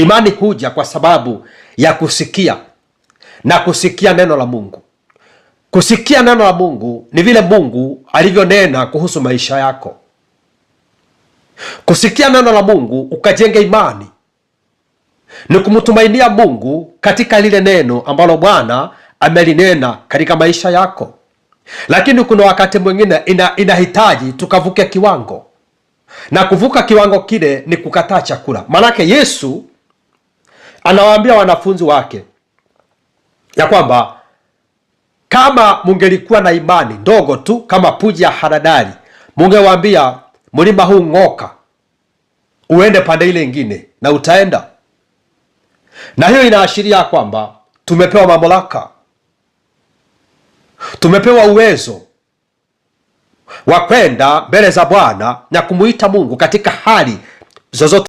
Imani huja kwa sababu ya kusikia na kusikia neno la Mungu. Kusikia neno la Mungu ni vile Mungu alivyonena kuhusu maisha yako. Kusikia neno la Mungu ukajenge imani ni kumtumainia Mungu katika lile neno ambalo Bwana amelinena katika maisha yako. Lakini kuna wakati mwingine ina, inahitaji tukavuke kiwango, na kuvuka kiwango kile ni kukataa chakula. Maanake Yesu anawaambia wanafunzi wake ya kwamba kama mungelikuwa na imani ndogo tu kama puji ya haradari mungewaambia mlima huu ng'oka, uende pande ile ingine na utaenda. Na hiyo inaashiria kwamba tumepewa mamlaka, tumepewa uwezo wa kwenda mbele za Bwana na kumuita Mungu katika hali zozote.